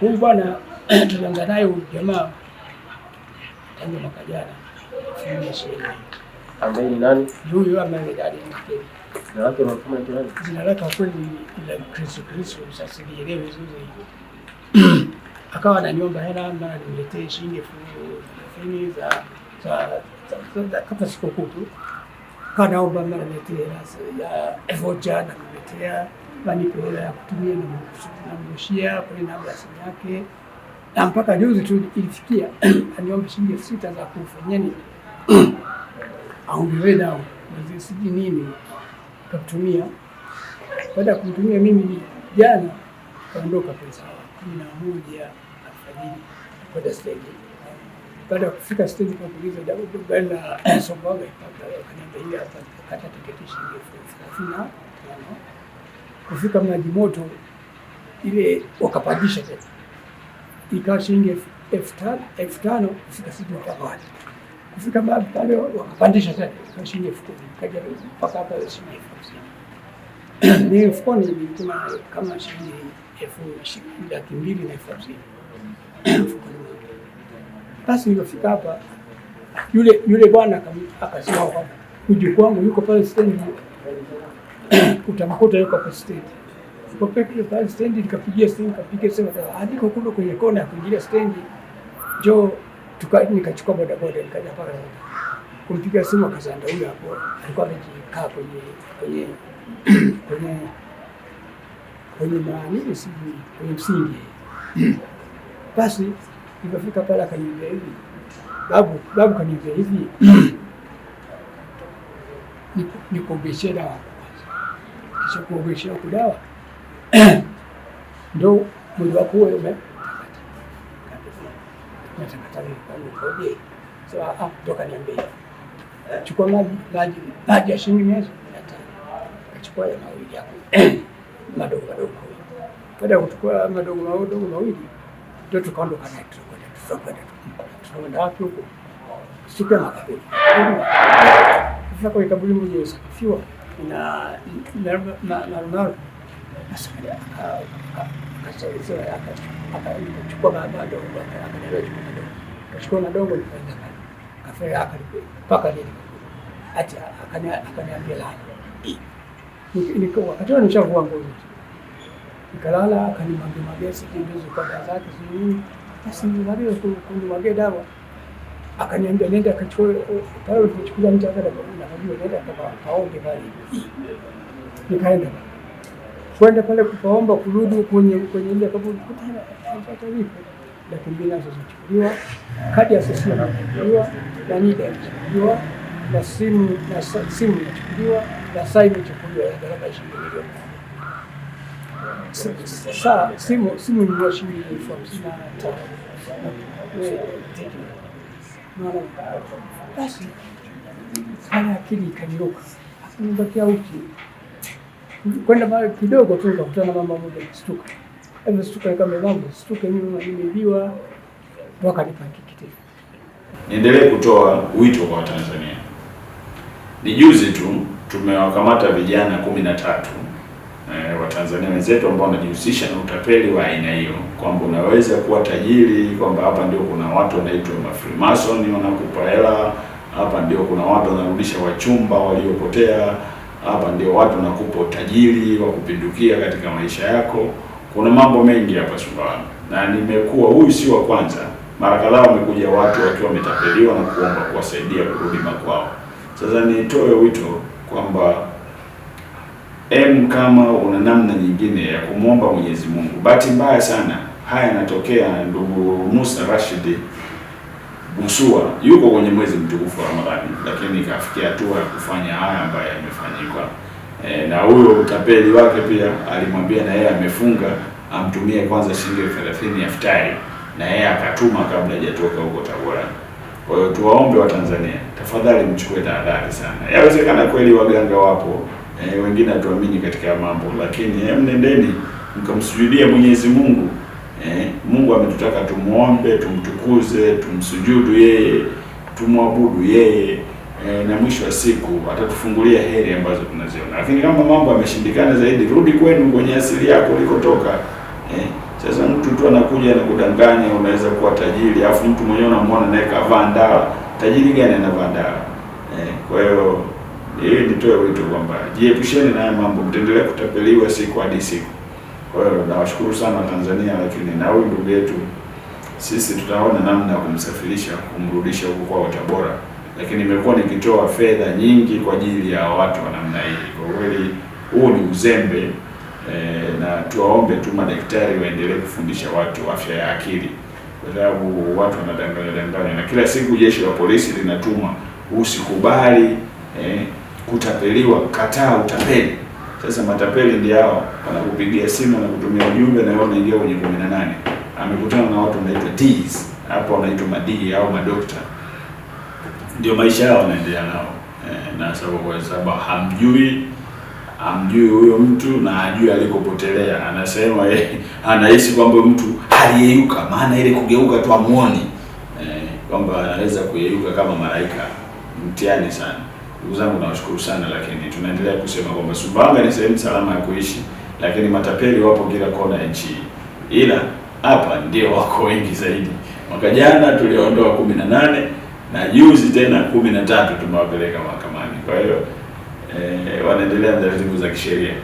Huyu bwana tulianza naye huyu jamaa tangu mwaka jana Jina lake kweli la Kristo Kristo, sasa sielewi vizuri. Akawa ananiomba hela mara niletee shilingi elfu thelathini za kama sikukuu tu. Akawa naomba mara niletee hela ya vocha na niletea labda nipe hela ya kutumia, namrushia kule namba ya simu yake, na mpaka juzi tu ilifikia aniombe shilingi elfu sita za kumfanyia nini aongewe dawa sijui nini, kakutumia. Baada ya kumtumia mimi jana, kaondoka pesa kumi na moja alfajiri kwenda steji. Baada ya kufika steji kauliza gari la soko, hapa kata tiketi shilingi elfu thelathini na tano kufika mnaji Moto ile wakapandisha tena ikawa shilingi elfu tano kufika siku wakawali kufika babu pale wakapandisha tena ikawa shilingi elfu kumi kaja mpaka hapa shilingi elfu hamsini ni elfu kumi nilituma kama shilingi elfu laki mbili na elfu hamsini Basi nilipofika hapa yule yule bwana akasema kwamba mjukuu wangu yuko pale stendi utamkuta yuko kwa stendi. Nilipokuja pale stendi nikapigia simu, nikapiga simu andika kule kwenye kona ya kuingilia stendi, njoo tuka, nikachukua boda nikaja pale kumpiga simu, akazanda huyo hapo alikuwa amejikaa kwenye kwenye kwenye kwenye maanini sijui kwenye msingi. Basi nikafika pale akaniambia hivi babu, babu kaniambia hivi nikuombeshe dawa cha kuogesha huku dawa ndo mwili wako huo ah, toka niambie, chukua maji maji ya shilingi mia tano, ya mawili yako madogo madogo. Baada ya kuchukua madogo madogo mawili, ndio tukaondoka naye, wapi huko? Siku ya makaburi, kaburi na Marumaru akachukua madogo akachukua madogo mpaka akaniambia lala, wakati nimeshavua nguo nikalala, akanimwagia magesi kimbizi kwa zake sijui basi nimwagie dawa akaniambia nenda akachukue pale ulipochukulia mtu akaenda kwa mimi na nakajua, nenda kaombe pale. Nikaenda kwenda pale kupaomba, kurudi kwenye kwenye ile kutana kupata vipi, laki mbili nazo zichukuliwa, kadi ya sisi inachukuliwa na nida inachukuliwa na simu na simu inachukuliwa na saa imechukuliwa ya gharama ishirini milioni. Saa simu simu ni shilingi elfu hamsini na tano mara basi, hali akili ikaniruka, nibakia wiki kwenda mara kidogo tu nikakutana mama mmoja kustuka hivyo, stuka kama mambo stuka, mimi nimeibiwa, ndo akanipa tikiti. Niendelee kutoa wito kwa Watanzania. Ni juzi tu tumewakamata vijana kumi na tatu e, Watanzania wenzetu ambao wanajihusisha na utapeli wa aina hiyo, kwamba unaweza kuwa tajiri, kwamba hapa ndio kuna watu wanaitwa mafrimasoni wanakupa hela, hapa ndio kuna watu wanarudisha wachumba waliopotea, hapa ndio watu wanakupa utajiri wa kupindukia katika maisha yako. Kuna mambo mengi hapa Sumbawanga, na nimekuwa huyu si wa kwanza, mara kadhaa wamekuja watu wakiwa wametapeliwa na kuomba kuwasaidia kurudi makwao. Sasa nitoe wito kwamba em, kama una namna nyingine ya kumwomba Mwenyezi Mungu. Bahati mbaya sana haya yanatokea. Ndugu Musa Rashid Busua yuko kwenye mwezi mtukufu wa Ramadhani, lakini ikafikia hatua ya kufanya haya ambayo yamefanyika. E, na huyo utapeli wake pia alimwambia na yeye amefunga amtumie kwanza shilingi 30 iftari, na yeye akatuma kabla hajatoka huko Tabora. Kwa hiyo tuwaombe Watanzania, tafadhali mchukue tahadhari sana. Yawezekana kweli waganga wapo e, wengine hatuamini katika mambo, lakini e, mnendeni mkamsujudia Mwenyezi Mungu. E, Mungu ametutaka tumuombe, tumtukuze, tumsujudu yeye, tumwabudu yeye e, na mwisho wa siku atatufungulia heri ambazo tunaziona. Lakini kama mambo yameshindikana zaidi, rudi kwenu kwenye asili yako ulikotoka. E, sasa mtu tu anakuja na kudanganya, unaweza kuwa tajiri, afu mtu mwenyewe unamwona naye kavaa ndala. Tajiri gani anavaa ndala? E, kwa hiyo ili nitoe wito kwamba jiepusheni na haya mambo, mtaendelea kutapeliwa siku hadi siku. Kwa hiyo nawashukuru sana Tanzania, lakini na huyu ndugu yetu sisi tutaona namna ya kumsafirisha kumrudisha huko kwao Tabora, lakini imekuwa nikitoa fedha nyingi kwa ajili ya watu wa namna hii. Kwa kweli huu ni uzembe e, na tuwaombe tu madaktari waendelee kufundisha watu afya ya akili, kwa sababu watu wanadanganya danganya, na kila siku jeshi la polisi linatuma usikubali eh, kutapeliwa, kataa utapeli. Sasa matapeli ndio hao wanakupigia simu na kutumia ujumbe na wewe unaingia kwenye 18. Amekutana na watu wanaitwa D's, hapo wanaitwa madii au madokta. Ndio maisha yao wanaendelea nao. E, na sababu kwa sababu hamjui hamjui huyo mtu na ajui alikopotelea. Anasema eh, anahisi kwamba mtu aliyeyuka, maana ile kugeuka tu amuoni, e, eh, kwamba anaweza kuyeyuka kama malaika. Mtihani sana. Ndugu zangu nawashukuru sana, lakini tunaendelea kusema kwamba Sumbawanga ni sehemu salama ya kuishi, lakini matapeli wapo kila kona ya nchi hii, ila hapa ndio wako wengi zaidi. Mwaka jana tuliondoa kumi na nane na juzi tena kumi na tatu tumewapeleka mahakamani. Kwa hiyo eh, wanaendelea na taratibu za kisheria.